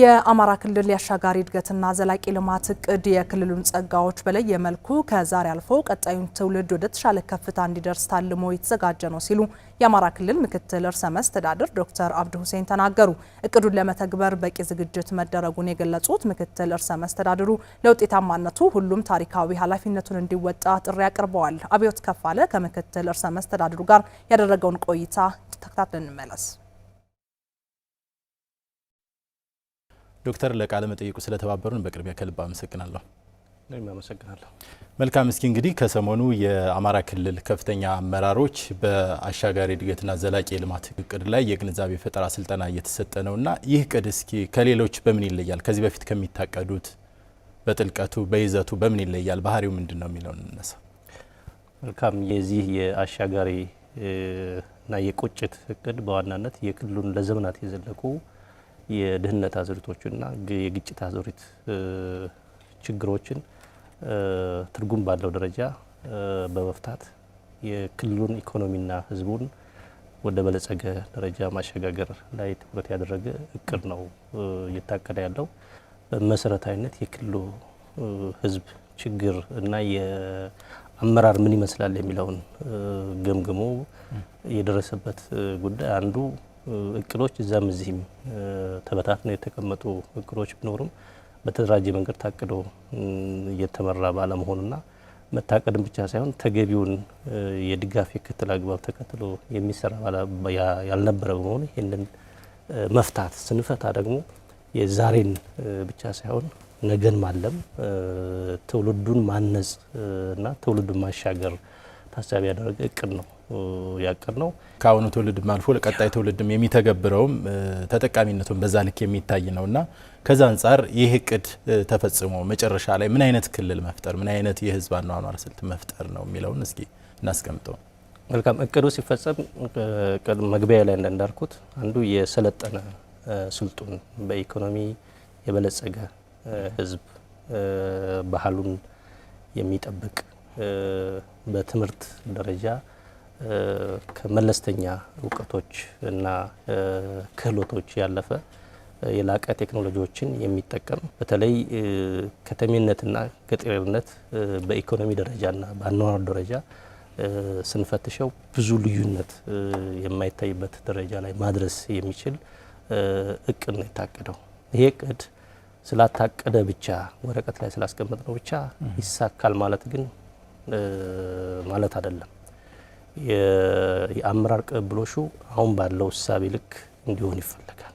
የአማራ ክልል የአሻጋሪ እድገትና ዘላቂ ልማት እቅድ የክልሉን ጸጋዎች በለየ መልኩ ከዛሬ አልፎ ቀጣዩን ትውልድ ወደ ተሻለ ከፍታ እንዲደርስ ታልሞ የተዘጋጀ ነው ሲሉ የአማራ ክልል ምክትል ርዕሰ መስተዳድር ዶክተር አብዱ ሁሴን ተናገሩ። እቅዱን ለመተግበር በቂ ዝግጅት መደረጉን የገለጹት ምክትል ርዕሰ መስተዳድሩ ለውጤታማነቱ ሁሉም ታሪካዊ ኃላፊነቱን እንዲወጣ ጥሪ አቅርበዋል። አብዮት ከፋለ ከምክትል ርዕሰ መስተዳድሩ ጋር ያደረገውን ቆይታ ተከታትለን እንመለስ። ዶክተር ለቃለ መጠይቁ ስለተባበሩን በቅድሚያ ከልብ አመሰግናለሁ። አመሰግናለሁ። መልካም። እስኪ እንግዲህ ከሰሞኑ የአማራ ክልል ከፍተኛ አመራሮች በአሻጋሪ እድገትና ዘላቂ የልማት እቅድ ላይ የግንዛቤ ፈጠራ ስልጠና እየተሰጠ ነውና ይህ እቅድ እስኪ ከሌሎች በምን ይለያል? ከዚህ በፊት ከሚታቀዱት በጥልቀቱ በይዘቱ በምን ይለያል? ባህሪው ምንድን ነው የሚለውን እንነሳ። መልካም። የዚህ የአሻጋሪ እና የቁጭት እቅድ በዋናነት የክልሉን ለዘመናት የዘለቁ የድህነት አዙሪቶችና የግጭት አዙሪት ችግሮችን ትርጉም ባለው ደረጃ በመፍታት የክልሉን ኢኮኖሚና ህዝቡን ወደ በለጸገ ደረጃ ማሸጋገር ላይ ትኩረት ያደረገ እቅድ ነው እየታቀደ ያለው። በመሰረታዊነት የክልሉ ህዝብ ችግር እና የአመራር ምን ይመስላል የሚለውን ገምግሞ የደረሰበት ጉዳይ አንዱ እቅዶች እዛም እዚህም ተበታትነው የተቀመጡ እቅዶች ቢኖሩም በተደራጀ መንገድ ታቅዶ እየተመራ ባለመሆኑና መታቀድም ብቻ ሳይሆን ተገቢውን የድጋፍ የክትል አግባብ ተከትሎ የሚሰራ ያልነበረ በመሆኑ ይህንን መፍታት ስንፈታ ደግሞ የዛሬን ብቻ ሳይሆን ነገን ማለም ትውልዱን ማነጽ እና ትውልዱን ማሻገር ታሳቢ ያደረገ እቅድ ነው ያቀድ ነው። ከአሁኑ ትውልድም አልፎ ለቀጣይ ትውልድም የሚተገብረውም ተጠቃሚነቱን በዛ ልክ የሚታይ እና ከዛ አንጻር ይህ እቅድ ተፈጽሞ መጨረሻ ላይ ምን አይነት ክልል መፍጠር ምን አይነት የህዝብ አኗኗር ስልት መፍጠር ነው የሚለውን እስኪ እናስቀምጠው። መልካም እቅዱ ሲፈጸም መግቢያ ላይ እንዳልኩት አንዱ የሰለጠነ ስልጡን በኢኮኖሚ የበለጸገ ህዝብ ባህሉን የሚጠብቅ በትምህርት ደረጃ ከመለስተኛ እውቀቶች እና ክህሎቶች ያለፈ የላቀ ቴክኖሎጂዎችን የሚጠቀም በተለይ ከተሜነትና ገጠሬነት በኢኮኖሚ ደረጃና በአኗኗር ደረጃ ስንፈትሸው ብዙ ልዩነት የማይታይበት ደረጃ ላይ ማድረስ የሚችል እቅድ ነው የታቀደው። ይሄ እቅድ ስላታቀደ ብቻ ወረቀት ላይ ስላስቀመጥ ነው ብቻ ይሳካል ማለት ግን ማለት አይደለም። የአመራር ቅብብሎሹ አሁን ባለው እሳቤ ልክ እንዲሆን ይፈለጋል።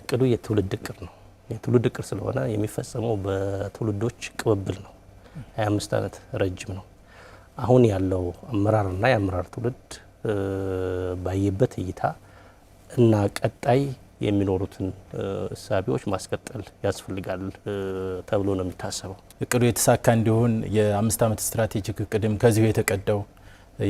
እቅዱ የትውልድ እቅድ ነው። የትውልድ እቅድ ስለሆነ የሚፈጸመው በትውልዶች ቅብብል ነው። 25 ዓመት ረጅም ነው። አሁን ያለው አመራርና የአመራር ትውልድ ባየበት እይታ እና ቀጣይ የሚኖሩትን ሳቢዎች ማስቀጠል ያስፈልጋል ተብሎ ነው የሚታሰበው። እቅዱ የተሳካ እንዲሆን የአምስት ዓመት ስትራቴጂክ እቅድም ከዚሁ የተቀደው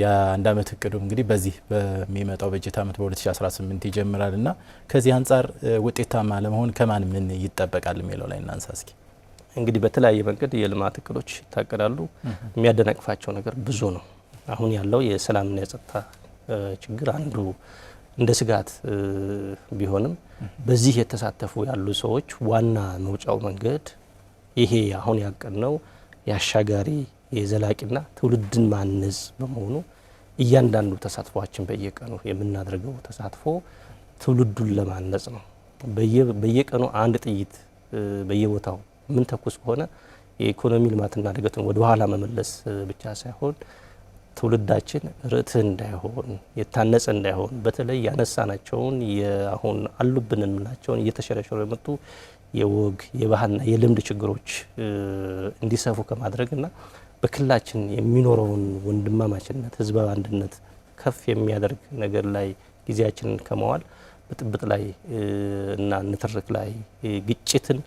የአንድ ዓመት እቅዱም እንግዲህ በዚህ በሚመጣው በጀት ዓመት በ2018 ይጀምራል እና ከዚህ አንጻር ውጤታማ ለመሆን ከማን ምን ይጠበቃል የሚለው ላይ እናንሳ እስኪ። እንግዲህ በተለያየ መንገድ የልማት እቅዶች ይታቀዳሉ። የሚያደናቅፋቸው ነገር ብዙ ነው። አሁን ያለው የሰላምና የጸጥታ ችግር አንዱ እንደ ስጋት ቢሆንም በዚህ የተሳተፉ ያሉ ሰዎች ዋና መውጫው መንገድ ይሄ አሁን ያቀድነው የአሻጋሪ የዘላቂና ትውልድን ማነጽ በመሆኑ እያንዳንዱ ተሳትፏችን በየቀኑ የምናደርገው ተሳትፎ ትውልዱን ለማነጽ ነው። በየቀኑ አንድ ጥይት በየቦታው ምን ተኩስ ከሆነ የኢኮኖሚ ልማትና እድገቱን ወደ ኋላ መመለስ ብቻ ሳይሆን ትውልዳችን ርትዕ እንዳይሆን የታነጸ እንዳይሆን በተለይ ያነሳናቸውን አሁን አሉብን የምንላቸውን እየተሸረሸሩ የመጡ የወግ የባህልና የልምድ ችግሮች እንዲሰፉ ከማድረግና በክልላችን የሚኖረውን ወንድማማችነት ህዝባዊ አንድነት ከፍ የሚያደርግ ነገር ላይ ጊዜያችንን ከመዋል ብጥብጥ ላይ እና ንትርክ ላይ ግጭትን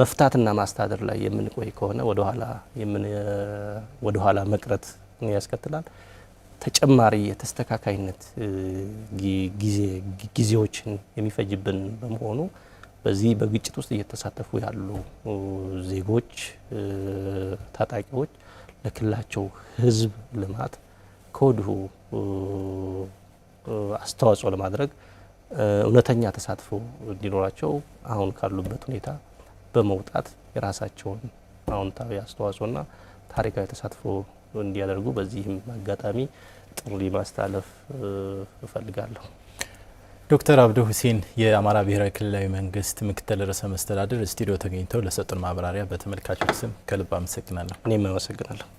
መፍታትና ማስታደር ላይ የምንቆይ ከሆነ ወደኋላ መቅረት ያስከትላል። ተጨማሪ የተስተካካይነት ጊዜዎችን የሚፈጅብን በመሆኑ በዚህ በግጭት ውስጥ እየተሳተፉ ያሉ ዜጎች፣ ታጣቂዎች ለክልላቸው ሕዝብ ልማት ከወዲሁ አስተዋጽኦ ለማድረግ እውነተኛ ተሳትፎ እንዲኖራቸው አሁን ካሉበት ሁኔታ በመውጣት የራሳቸውን አዎንታዊ አስተዋጽኦና ታሪካዊ ተሳትፎ እንዲያደርጉ በዚህም አጋጣሚ ጥሪ ማስተላለፍ እፈልጋለሁ። ዶክተር አብዱ ሁሴን የአማራ ብሔራዊ ክልላዊ መንግስት ምክትል ርዕሰ መስተዳድር ስቱዲዮ ተገኝተው ለሰጡን ማብራሪያ በተመልካቾች ስም ከልብ አመሰግናለሁ። እኔም አመሰግናለሁ።